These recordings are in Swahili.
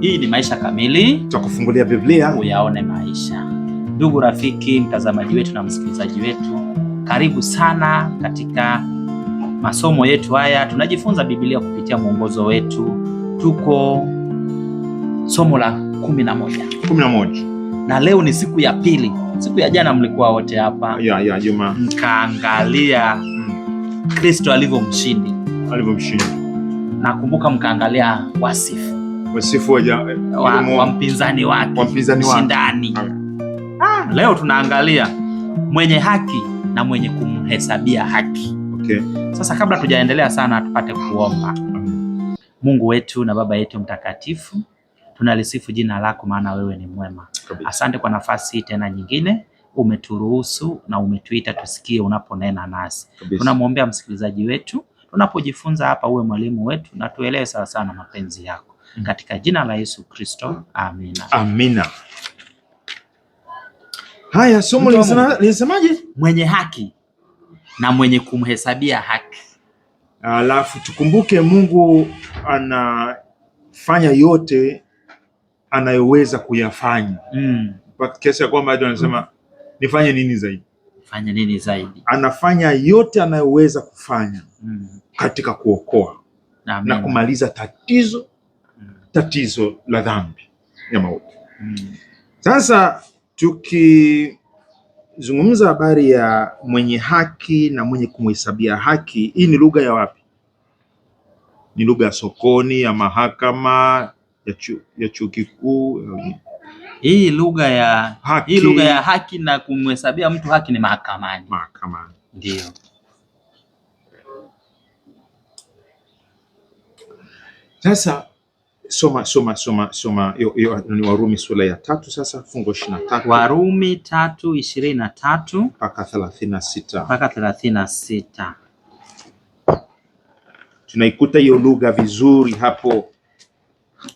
Hii ni Maisha Kamili, tukufungulia Biblia uyaone maisha. Ndugu rafiki, mtazamaji wetu na msikilizaji wetu, karibu sana katika masomo yetu haya. Tunajifunza Biblia kupitia mwongozo wetu. Tuko somo la kumi na moja kumi na moja na leo ni siku ya pili. Siku ya jana mlikuwa wote hapa ya, ya, Juma, mkaangalia mm. Kristo mm, alivyomshindi alivyomshindi, nakumbuka mkaangalia wasifu wasifu wa eh, mpinzani wake ndani. Ah. ah, leo tunaangalia mwenye haki na mwenye kumhesabia haki. Okay. Sasa kabla tujaendelea sana, tupate kuomba. Mungu wetu na Baba yetu mtakatifu, tunalisifu jina lako, maana wewe ni mwema. Asante kwa nafasi hii tena nyingine umeturuhusu na umetuita tusikie unaponena nasi. Tunamwombea msikilizaji wetu, tunapojifunza hapa, uwe mwalimu wetu na tuelewe sawasawa na mapenzi yako. Mm-hmm. katika jina la Yesu Kristo, amina. Amina. Haya, somo linasemaje? Mwenye haki na mwenye kumhesabia haki. Alafu tukumbuke Mungu anafanya yote anayoweza kuyafanya mm. Kiasi ya kwamba watu wanasema mm. nifanye nini zaidi? Fanya nini zaidi? Anafanya yote anayoweza kufanya mm. katika kuokoa na, na kumaliza tatizo tatizo la dhambi ya mauti. Mm. Sasa tukizungumza habari ya mwenye haki na mwenye kumhesabia haki, hii ni lugha ya wapi? Ni lugha ya sokoni, ya mahakama, ya chuo, ya chuo kikuu? Hii lugha ya haki. Hii lugha ya haki na kumhesabia mtu haki ni mahakamani. Mahakamani. Ndio. Sasa soma soma soma soma hiyo ni Warumi sura ya tatu sasa fungo ishirini na tatu Warumi tatu ishirini na tatu mpaka thelathini na sita mpaka thelathini na sita tunaikuta hiyo lugha vizuri hapo.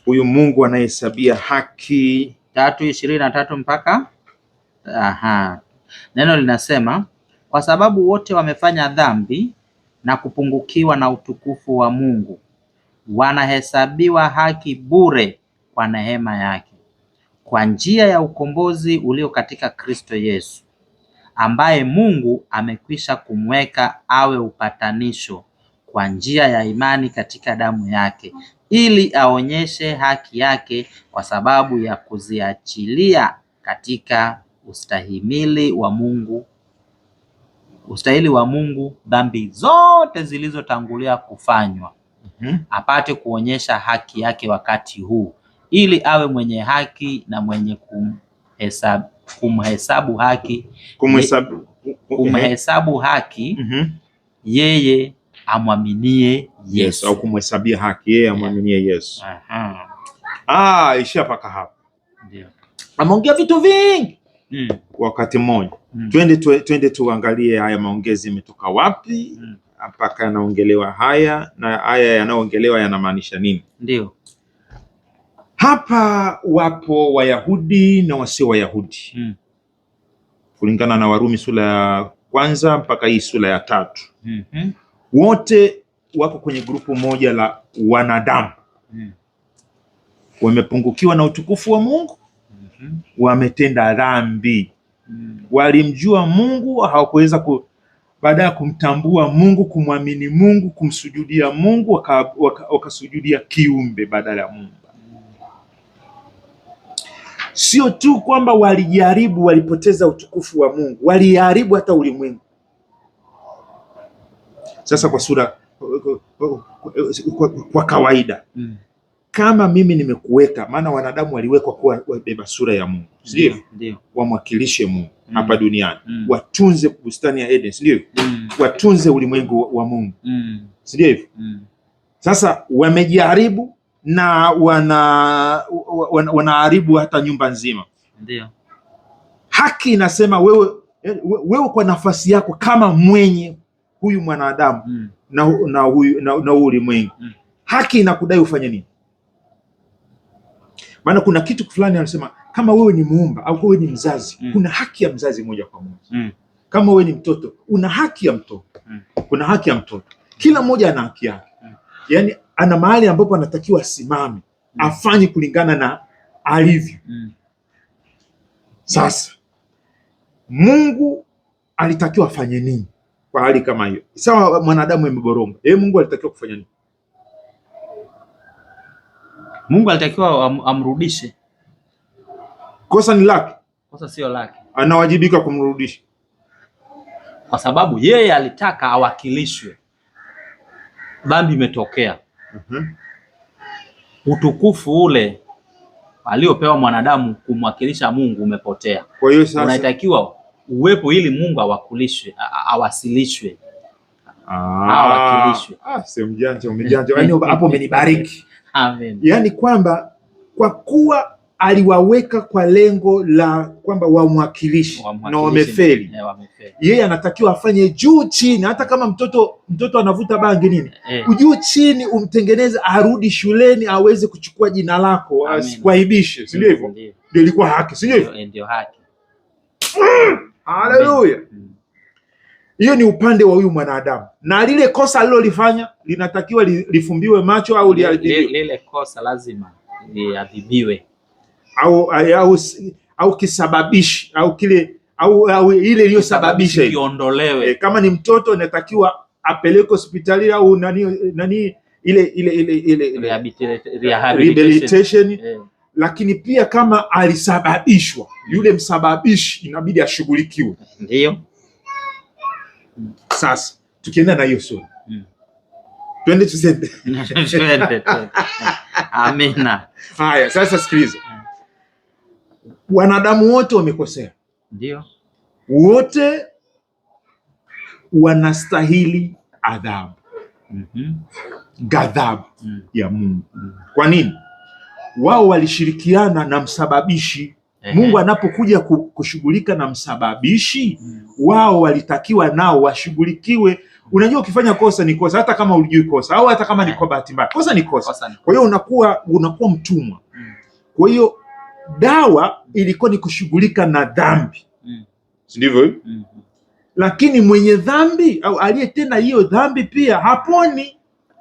Huyu Mungu anahesabia haki tatu ishirini na tatu mpaka aha, neno linasema kwa sababu wote wamefanya dhambi na kupungukiwa na utukufu wa Mungu wanahesabiwa haki bure kwa neema yake kwa njia ya ukombozi ulio katika Kristo Yesu, ambaye Mungu amekwisha kumweka awe upatanisho kwa njia ya imani katika damu yake, ili aonyeshe haki yake kwa sababu ya kuziachilia katika ustahimili wa Mungu ustahili wa Mungu dhambi zote zilizotangulia kufanywa mm-hmm. apate kuonyesha haki yake wakati huu, ili awe mwenye haki na mwenye kumhesabu, kumhesabu haki kumhesabu, kumhesabu haki mm-hmm. yeye amwaminie Yesu au kumhesabia haki yeye amwaminie yeah. Yesu. Ah, ishia paka hapa ndio ameongea vitu vingi mm. wakati mmoja mm. twende tuangalie haya maongezi yametoka wapi mm mpaka yanaongelewa haya na haya yanayoongelewa yanamaanisha nini? Ndio hapa wapo Wayahudi na wasio Wayahudi hmm. kulingana na Warumi sura ya kwanza mpaka hii sura ya tatu hmm. wote wako kwenye grupu moja la wanadamu hmm. wamepungukiwa na utukufu wa Mungu hmm. wametenda dhambi hmm. walimjua Mungu hawakuweza ku baada ya kumtambua Mungu, kumwamini Mungu, kumsujudia Mungu, wakasujudia waka, waka kiumbe badala ya Mungu. Sio tu kwamba walijaribu, walipoteza utukufu wa Mungu, waliharibu hata ulimwengu. Sasa kwa sura kwa, kwa, kwa kawaida mm kama mimi nimekuweka, maana wanadamu waliwekwa kuwa wabeba sura ya Mungu, ndio wamwakilishe Mungu mm. hapa duniani mm. watunze bustani ya Eden, ndio mm. watunze ulimwengu wa Mungu mm. ndio hivyo mm. Sasa wamejaribu na wanaharibu wana, wana hata nyumba nzima. Ndio haki inasema wewe, wewe kwa nafasi yako kama mwenye huyu mwanadamu mm. na, na, na, na, na ulimwengu mm. haki inakudai ufanye nini? maana kuna kitu fulani anasema kama wewe ni muumba au wewe ni mzazi mm. kuna haki ya mzazi moja kwa moja mm. kama wewe ni mtoto una haki ya mtoto mm. kuna haki ya mtoto, kila mmoja ana haki yake mm. yani ana mahali ambapo anatakiwa asimame mm. afanye kulingana na alivyo mm. Sasa Mungu alitakiwa afanye nini kwa hali kama hiyo? Sawa, mwanadamu ameboronga, yeye Mungu alitakiwa kufanya nini? Mungu alitakiwa am, amrudishe. Kosa ni lake, kosa sio lake, anawajibika kumrudisha kwa sababu yeye alitaka awakilishwe. Dhambi imetokea. uh mhm. -huh. Utukufu ule aliopewa mwanadamu kumwakilisha Mungu umepotea. Kwa hiyo sasa unatakiwa uwepo ili Mungu awakulishwe, awasilishwe, ah, awakilishwe. Ah, si mjanja, umejanja. Yaani hapo umenibariki. Amen. Yaani kwamba kwa kuwa aliwaweka kwa lengo la kwamba wamwakilishi na eh, wamefeli, yeye anatakiwa afanye juu chini. Hata kama mtoto mtoto anavuta bangi nini, eh, eh. juu chini umtengeneze, arudi shuleni aweze kuchukua jina lako, asikuaibishe, si ndio? Hivyo ndio ilikuwa haki, si ndio? Haleluya. Hiyo ni upande wa huyu mwanadamu, na lile kosa alilolifanya linatakiwa li, lifumbiwe macho au liadhibiwe. Lile kosa lazima liadhibiwe, au au, au kisababishi au kile au, au ile iliyosababisha iondolewe. E, kama ni mtoto inatakiwa apeleke hospitali au nani nani ile ile ile ile e, rehabilitation, rehabilitation. Eh. Lakini pia kama alisababishwa yule msababishi inabidi ashughulikiwe, ndio sasa tukienda na hiyo sura mm. twende tusende amina. Haya, sasa sikiliza, wanadamu wote wamekosea, ndio wote wanastahili adhabu mm -hmm. ghadhabu mm. ya Mungu mm. kwa nini? Wao walishirikiana na msababishi Mungu anapokuja kushughulika na msababishi wao, walitakiwa nao washughulikiwe. Unajua, ukifanya kosa ni kosa, hata kama ulijui kosa au hata kama ni kwa bahati mbaya, kosa ni kosa. Kwa hiyo unakuwa unakuwa mtumwa. Mm. Kwa hiyo dawa ilikuwa ni kushughulika na dhambi, mm. si ndivyo? Mm. Lakini mwenye dhambi au aliyetenda hiyo dhambi pia haponi,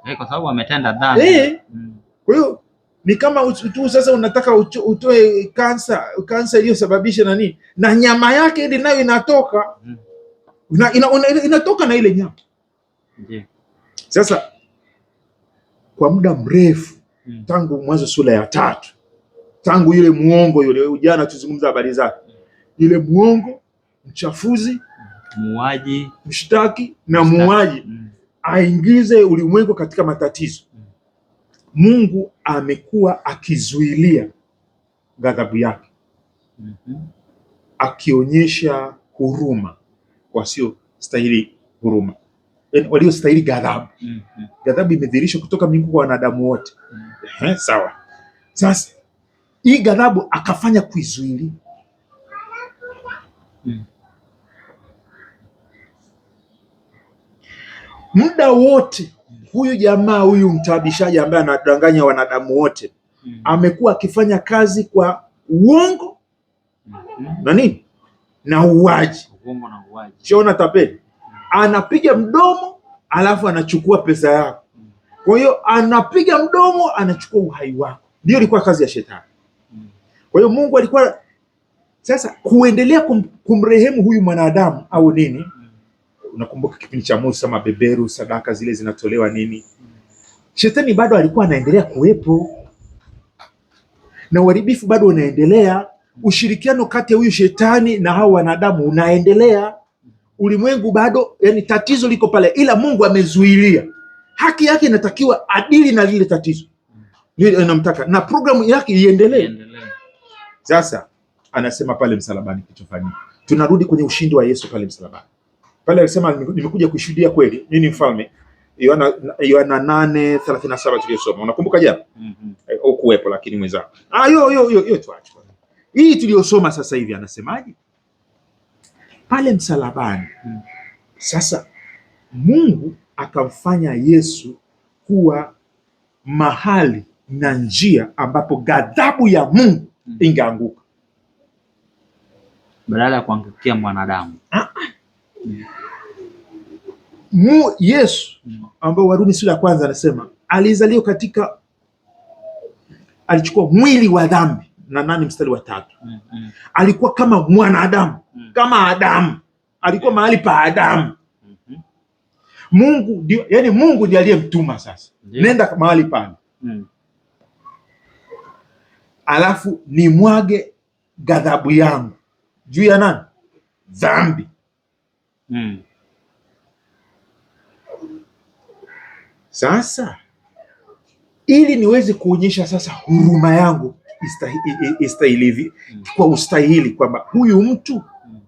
eh, kwa sababu ametenda dhambi. Eh. Kwa hiyo ni kama tu sasa unataka utoe kansa kansa iliyosababisha na nini na nyama yake ile nayo inatoka mm. una, ina, ina, inatoka na ile nyama yeah. Sasa kwa muda mrefu mm. tangu Mwanzo sura ya tatu tangu yule muongo yule, ujana tuzungumza habari zake, yule muongo mchafuzi, muaji mshtaki na muuaji mm. aingize ulimwengu katika matatizo Mungu amekuwa akizuilia ghadhabu yake mm -hmm. akionyesha huruma stahili huruma, yaani walio waliostahili ghadhabu mm -hmm. ghadhabu imedhihirishwa kutoka mbinguni kwa wanadamu wote mm -hmm. sawa. Sasa hii ghadhabu akafanya kuizuilia mm. muda wote huyu jamaa huyu mtaabishaji ambaye anadanganya wanadamu wote mm. amekuwa akifanya kazi kwa uongo mm mm-hmm. nini na nini na uwaji Shona Tapeli mm. anapiga mdomo alafu anachukua pesa yako mm. kwa hiyo anapiga mdomo anachukua uhai wako, ndio ilikuwa kazi ya shetani mm. kwa hiyo Mungu alikuwa sasa kuendelea kum, kumrehemu huyu mwanadamu au nini mm unakumbuka kipindi cha Musa, mabeberu, sadaka zile zinatolewa nini, shetani bado alikuwa anaendelea kuwepo na uharibifu bado unaendelea. Ushirikiano kati ya huyu shetani na hao wanadamu unaendelea. Ulimwengu bado, yani tatizo liko pale, ila Mungu amezuilia. Haki yake inatakiwa adili na lile tatizo anamtaka, na programu yake iendelee. Sasa anasema pale msalabani kichofanyika, tunarudi kwenye ushindi wa Yesu pale msalabani pale alisema nimekuja kushuhudia kweli, mimi ni mfalme. Yohana Yohana 8:37 tuliyosoma, unakumbuka jana? mm -hmm. Eh, Ukuwepo lakini mwenzao. Ah, yo yo yo yo, tuache hii tuliyosoma sasa hivi, anasemaje pale msalabani? mm. Sasa Mungu akamfanya Yesu kuwa mahali na njia ambapo ghadhabu ya Mungu mm. ingeanguka badala ya kuangukia mwanadamu ah mu Yesu ambao Warumi sura ya kwanza anasema alizaliwa katika, alichukua mwili wa dhambi na nani, mstari wa tatu. Mm, mm. Alikuwa kama mwanadamu, mm. kama Adamu, alikuwa mahali pa Adamu. Mm-hmm. Mungu ndio, yani Mungu ndiye aliyemtuma sasa, nenda mahali pale, alafu ni mwage ghadhabu yangu juu ya nani? Dhambi. Mm. Sasa ili niweze kuonyesha sasa huruma yangu istahili mm. kwa ustahili kwamba huyu mtu mm.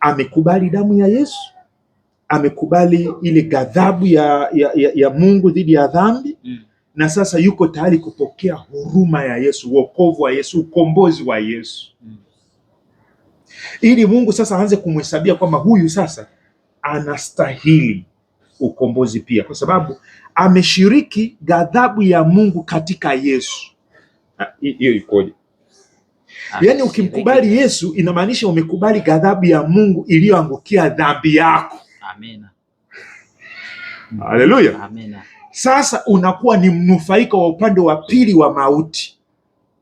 amekubali damu ya Yesu, amekubali ile ghadhabu ya, ya, ya, ya Mungu dhidi ya dhambi mm. na sasa yuko tayari kupokea huruma ya Yesu, wokovu wa Yesu, ukombozi wa Yesu mm ili Mungu sasa aanze kumhesabia kwamba huyu sasa anastahili ukombozi pia, kwa sababu ameshiriki ghadhabu ya Mungu katika Yesu. Ah, hiyo ikoje? Ah, yaani, ukimkubali Yesu inamaanisha umekubali ghadhabu ya Mungu iliyoangukia dhambi yako. Amina. Haleluya. Amina. Sasa unakuwa ni mnufaika wa upande wa pili wa mauti.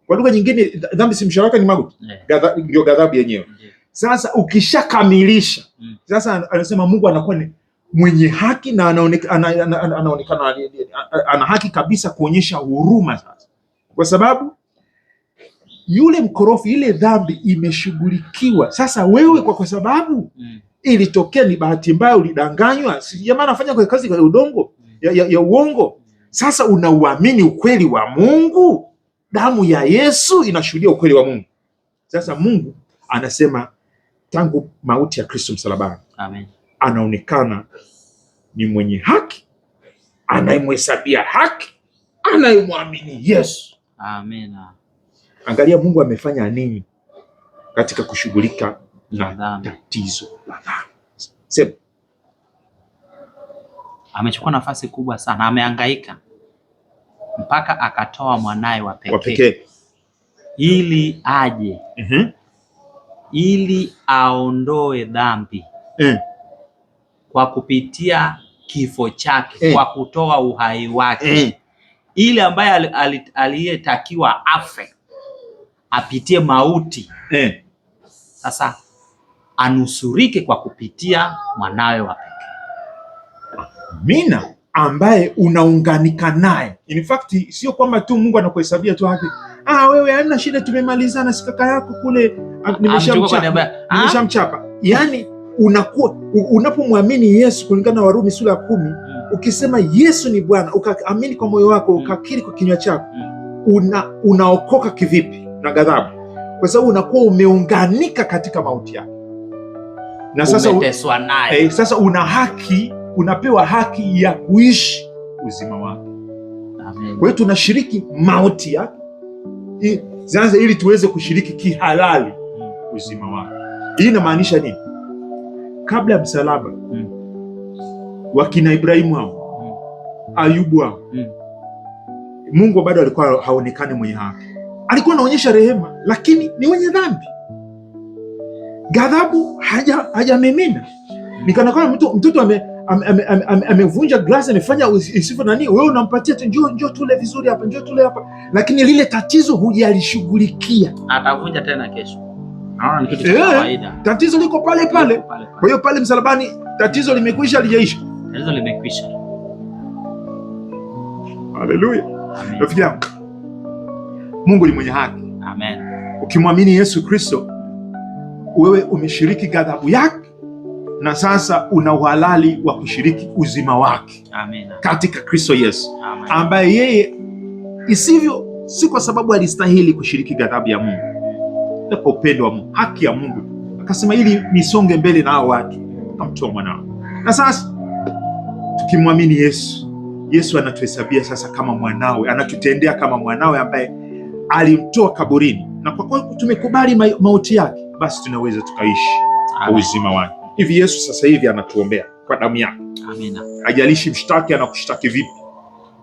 Kwa lugha nyingine, dhambi si ni mauti, eh. ndio ghadhabu yenyewe. Sasa ukishakamilisha mm. sasa, anasema Mungu anakuwa ni mwenye haki na anaonekana ana haki kabisa kuonyesha huruma sasa, kwa sababu yule mkorofi, ile dhambi imeshughulikiwa. Sasa wewe kwa, kwa sababu mm. ilitokea ni bahati mbaya, ulidanganywa, jamaa anafanya kwa kazi ya udongo mm. ya, ya, ya uongo. Sasa unauamini ukweli wa Mungu, damu ya Yesu inashuhudia ukweli wa Mungu. Sasa Mungu anasema tangu mauti ya Kristo msalabani. Amen. Anaonekana ni mwenye haki anayemhesabia haki anayemwamini Yesu. Amen. Angalia Mungu amefanya nini katika kushughulika na tatizo la dhambi. Amechukua nafasi kubwa sana, ameangaika mpaka akatoa mwanaye wa pekee ili aje, uh mhm. -huh ili aondoe dhambi eh, kwa kupitia kifo chake eh, kwa kutoa uhai wake eh, ili ambaye aliyetakiwa afe apitie mauti eh, sasa anusurike kwa kupitia mwanawe wa pekee Mina ambaye unaunganika naye. In fact, sio kwamba tu Mungu anakuhesabia tu haki ah, wewe hamna shida, tumemalizana si kaka yako kule ah, ah, ah? nimeshamchapa. Yani unakuwa unapomwamini Yesu kulingana na Warumi sura ya kumi, hmm. ukisema Yesu ni Bwana, ukaamini kwa moyo wako, hmm. ukakiri kwa kinywa chako, hmm. una unaokoka kivipi na ghadhabu? Kwa sababu unakuwa umeunganika katika mauti yake na sasa, umeteswa naye. Eh, sasa una haki, unapewa haki ya kuishi uzima wako Kwa hiyo tunashiriki mauti yake zianze ili tuweze kushiriki kihalali uzima wake. Hii inamaanisha nini? Kabla ya msalaba mm. wakina Ibrahimu hao mm. Ayubu hao mm. Mungu bado alikuwa haonekane mwenye haki, alikuwa anaonyesha rehema, lakini ni wenye dhambi, ghadhabu hajamemena haja, ni kana kwamba mtoto ame amevunja glasi amefanya isivyo nani, wewe unampatia tu, njoo njoo tule vizuri hapa, njoo tule hapa, lakini lile tatizo hujalishughulikia, atavunja tena kesho. Naona ni kitu cha eh, kawaida, tatizo liko pale pale. Kwa hiyo pale msalabani tatizo limekwisha, lijaisha, tatizo limekwisha. Haleluya, rafiki yangu, Mungu ni mwenye haki. Amen. Ukimwamini Yesu Kristo, wewe umeshiriki ghadhabu yake na sasa una uhalali wa kushiriki uzima wake katika Kristo Yesu ambaye yeye isivyo, si kwa sababu alistahili kushiriki ghadhabu ya Mungu, kwa upendo wa Mungu, haki ya Mungu akasema ili nisonge mbele na hao watu, akamtoa mwanao. Na sasa tukimwamini Yesu, Yesu anatuhesabia sasa kama mwanawe, anatutendea kama mwanawe ambaye alimtoa kaburini, na kwa kuwa tumekubali mauti yake, basi tunaweza tukaishi uzima wake hivi. Yesu sasa hivi anatuombea kwa damu yake, amina. Ajalishi mshtaki anakushtaki vipi,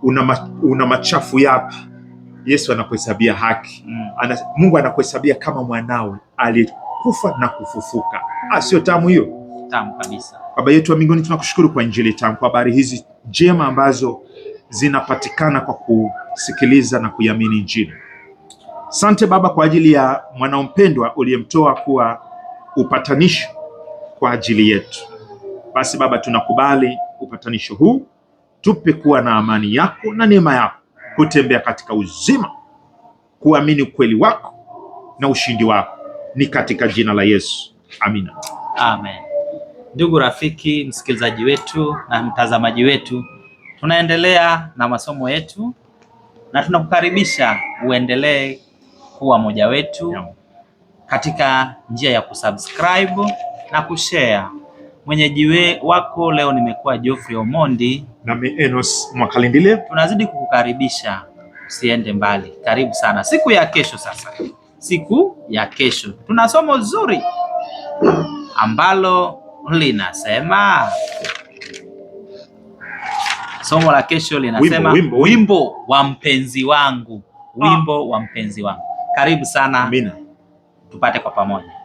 una, ma, una machafu yapi, Yesu anakuhesabia haki mm. Ana, Mungu anakuhesabia kama mwanawe alikufa na kufufuka. Ah, sio tamu hiyo? Tamu kabisa. Baba yetu wa mbinguni, tunakushukuru kwa injili tamu, kwa habari hizi njema ambazo zinapatikana kwa kusikiliza na kuiamini injili. Sante Baba kwa ajili ya mwanao mpendwa uliyemtoa kuwa upatanisho kwa ajili yetu. Basi Baba, tunakubali upatanisho huu, tupe kuwa na amani yako na neema yako, kutembea katika uzima, kuamini ukweli wako na ushindi wako, ni katika jina la Yesu, amina, amen. Ndugu rafiki, msikilizaji wetu na mtazamaji wetu, tunaendelea na masomo yetu na tunakukaribisha uendelee kuwa moja wetu katika njia ya kusubscribe na kushare. Mwenyeji wako leo nimekuwa Geoffrey Omondi nami Enos Mwakalindile. Tunazidi kukukaribisha usiende mbali, karibu sana. Siku ya kesho sasa, siku ya kesho tuna somo zuri ambalo linasema somo la kesho linasema wimbo, wimbo, wimbo wa mpenzi wangu, wimbo wa mpenzi wangu. Karibu sana Amina. Tupate kwa pamoja.